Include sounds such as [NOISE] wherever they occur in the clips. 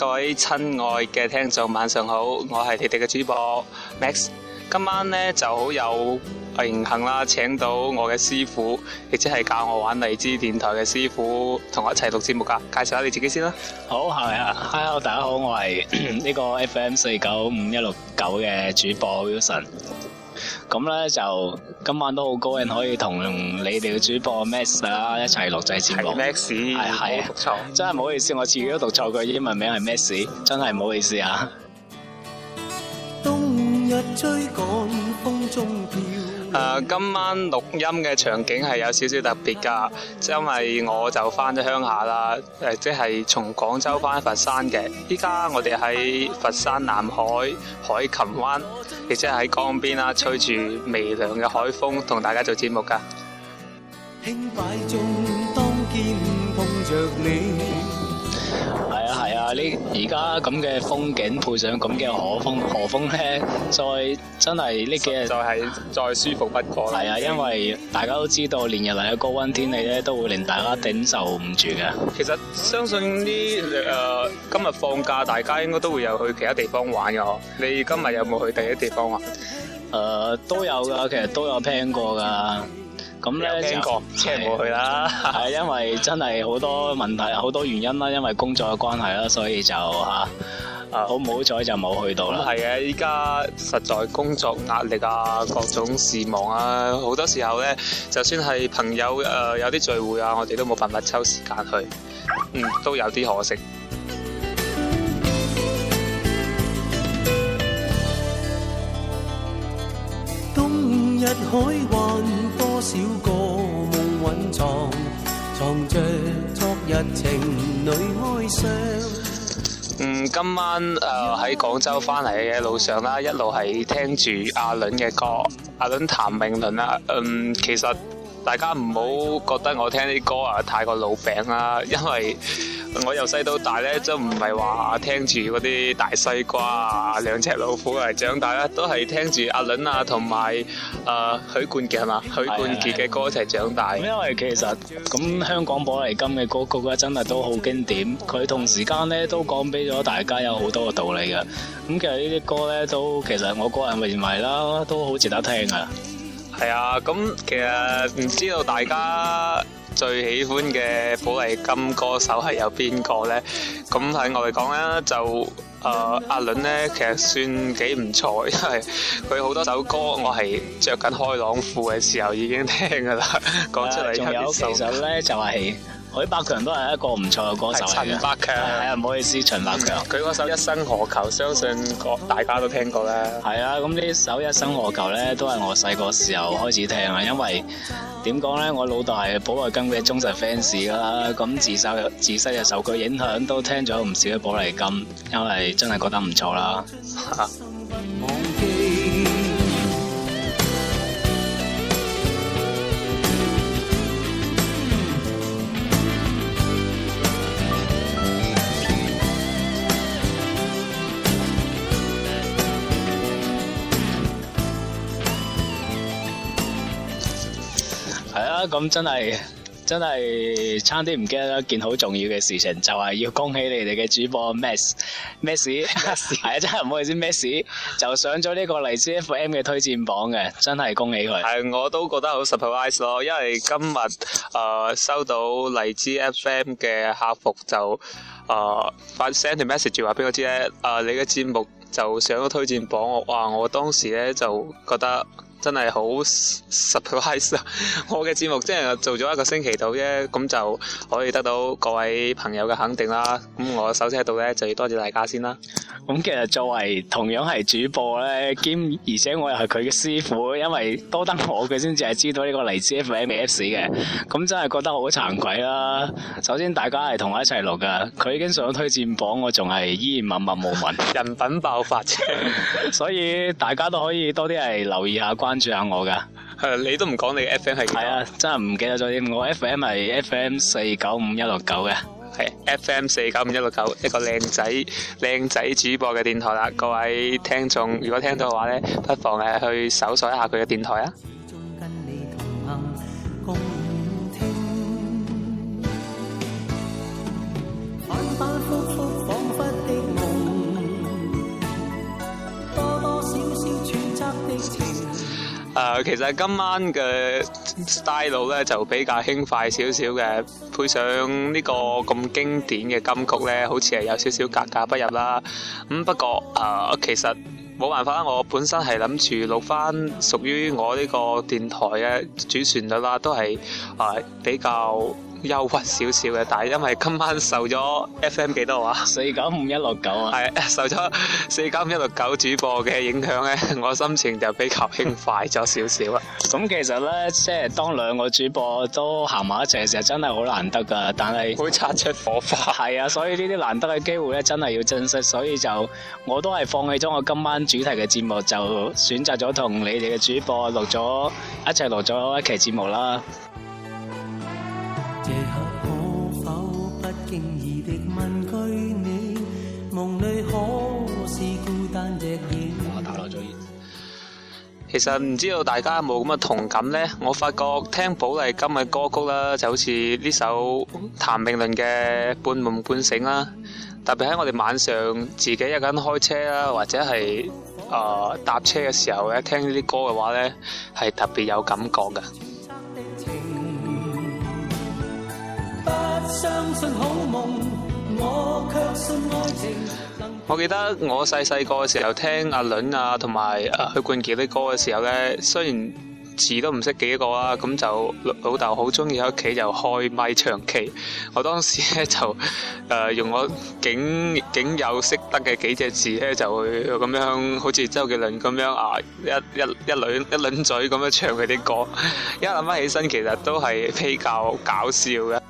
各位親愛嘅聽眾，晚上好，我係你哋嘅主播 Max，今晚咧，就好有榮幸啦，請到我嘅師傅，亦即係教我玩荔枝電台嘅師傅，同我一齊錄節目噶，啊，介紹下你自己先啦。好係啊，hello 大家好，我係呢 [COUGHS] 個 FM 四九五一六九嘅主播 Wilson，咁咧就今晚都好高興可以同你哋嘅主播 Mess 啊一齊錄製節目。Mess 係係，真係唔好意思，我自己都讀錯佢英文名係 Mess，真係唔好意思啊。冬日追趕風中飄誒、呃、今晚錄音嘅場景係有少少特別㗎，因為我就返咗鄉下啦，誒、呃、即係從廣州返佛山嘅。依家我哋喺佛山南海、海琴灣，亦即係喺江邊啦，吹住微涼嘅海風，同大家做節目㗎。 [MUSIC] 係呢，而家咁嘅風景配上咁嘅河風河風咧，再真係呢幾日，就係再舒服不過啦。係啊，因為大家都知道，連日嚟嘅高溫天氣咧，都會令大家頂受唔住嘅。其實相信呢誒，今日放假大家應該都會有去其他地方玩嘅嗬。你今日有冇去第二地方玩啊？誒，都有噶，其實都有聽過噶。咁咧就冇去啦，係因為真係好多問題，好多原因啦，因為工作嘅關係啦，所以就吓，啊，好唔好彩就冇去到啦。係嘅，依家實在工作壓力啊，各種事忙啊，好多時候咧，就算係朋友誒有啲聚會啊，我哋都冇辦法抽時間去，嗯，都有啲可惜。冬日海。藏，藏着昨日情侶哀傷。嗯，今晚誒喺、呃、廣州翻嚟嘅路上啦，一路係聽住阿倫嘅歌，阿倫譚倫譚詠麟啦。嗯，其實大家唔好覺得我聽啲歌啊，太過老餅啦，因為。我由細到大咧，都唔係話聽住嗰啲大西瓜啊、兩隻老虎嚟長大啦，都係聽住阿倫啊同埋誒許冠傑係嘛？許冠傑嘅歌一齊長大。因為其實咁香港寶麗金嘅歌曲咧，真係都好經典。佢同時間咧都講俾咗大家有好多嘅道理嘅。咁其實呢啲歌咧都，其實我個人認為啦，都好值得聽噶。係啊，咁其實唔知道大家。最喜歡嘅寶麗金歌手係有邊個呢？咁喺我嚟講呢，就誒阿倫呢，其實算幾唔錯，因為佢好多首歌我係着緊開朗褲嘅時候已經聽噶啦。講出嚟有幾首。仲有其實呢，就係我啲百強都係一個唔錯嘅歌手。陳百強。係啊，唔好意思，陳百強。佢嗰首《一生何求》，相信大家都聽過啦。係啊，咁呢首《一生何求》呢，都係我細個時候開始聽喇，因為。點講呢？我老豆係寶麗金嘅忠實 fans 啦，咁自受自細就受佢影響，都聽咗唔少嘅寶麗金，因為真係覺得唔錯啦。 [LAUGHS] 咁真係真係差啲唔記得一件好重要嘅事情，就係要恭喜你哋嘅主播 Mess，Mess，係啊，真係唔好意思，Mess 就上咗呢個荔枝 FM 嘅推薦榜嘅，真係恭喜佢。係，我都覺得好 surprise 咯，因為今日誒收到荔枝 FM 嘅客服就誒發 send 條 message 話俾我知咧，誒你嘅節目就上咗推薦榜，哇我當時咧就覺得。真係好 surprise 啊！我嘅節目即係做咗一個星期到啫，咁就可以得到各位朋友嘅肯定啦。咁我首先喺度咧，就要多謝大家先啦。咁其實作為同樣係主播咧，兼而且我又係佢嘅師傅，因為多得我嘅先至係知道呢個嚟自 FMS 嘅。咁真係覺得好慚愧啦。首先大家係同我一齊錄噶，佢已經上咗推薦榜，我仲係依然默默無聞人品爆發啫， [LAUGHS] 所以大家都可以多啲係留意下關關注下我噶，誒，你都唔講你 F M 係？係啊，真係唔記得咗添。我 F M 係 F M 四九五一六九嘅，係 F M 四九五一六九一個靚仔靚仔主播嘅電台啦。各位聽眾，如果聽到嘅話咧，不妨係去搜索一下佢嘅電台啊。誒，uh, 其實今晚嘅 style 咧就比較輕快少少嘅，配上呢個咁經典嘅金曲咧，好似係有少少格格不入啦。咁不過誒，uh, 其實冇辦法，我本身係諗住錄返屬於我呢個電台嘅主旋律啦，都係誒、uh, 比較憂鬱少少嘅，但係因為今晚受咗 FM 幾多話？四九五一六九啊！係、啊、受咗四九五一六九主播嘅影響咧，我心情就比較輕快咗少少啊！咁、 [LAUGHS] 嗯、其實咧，即係當兩個主播都行埋一齊嘅時候，真係好難得噶。但係會擦出火花。係啊，所以呢啲難得嘅機會咧，真係要珍惜。所以就我都係放棄咗我今晚主題嘅節目，就選擇咗同你哋嘅主播錄咗一齊錄咗一期節目啦。我打落咗熱，其實唔知道大家有冇咁嘅同感呢？我發覺聽寶麗金嘅歌曲啦，就好似呢首譚詠麟嘅《半夢半醒》啦，特別喺我哋晚上自己一個人開車啦，或者係啊、呃、搭車嘅時候咧，一聽呢啲歌嘅話呢，係特別有感覺噶。相信好夢，我卻信愛情。我記得我細細個嘅時候，時候聽阿倫啊同埋誒許冠傑啲歌嘅時候咧，雖然字都唔識幾個啊，咁就老豆好中意喺屋企就開咪唱 K。我當時咧就誒、啊、用我僅僅有識得嘅幾隻字咧，就會咁樣好似周杰倫咁樣啊一一一輪一輪嘴咁樣唱佢啲歌。 [LAUGHS] 一諗翻起身，其實都係比較搞笑嘅。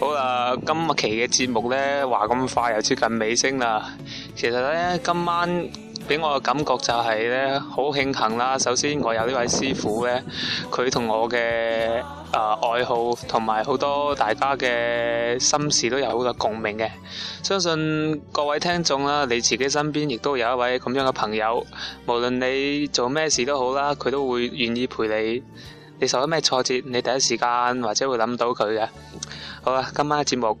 好啦，今期嘅節目咧，話咁快又接近尾聲啦。其實咧，今晚。俾我嘅感覺就係咧，好慶幸啦。首先我有呢位師傅咧，佢同我嘅誒、呃、愛好同埋好多大家嘅心事都有好多共鳴嘅。相信各位聽眾啦，你自己身邊亦都有一位咁樣嘅朋友，無論你做咩事都好啦，佢都會願意陪你。你受咗咩挫折，你第一時間或者會諗到佢嘅。好啦，今晚嘅節目。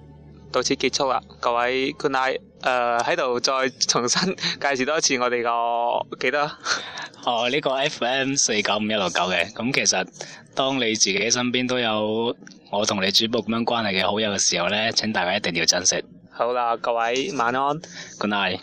到此結束啦，各位 good night，誒喺度再重新 [LAUGHS] 介紹多次我哋個記得。 [LAUGHS] 哦，呢、這個 FM 四九五一六九嘅，咁其實當你自己身邊都有我同你主播咁樣關係嘅好友嘅時候咧，請大家一定要珍惜。好啦，各位晚安，good night。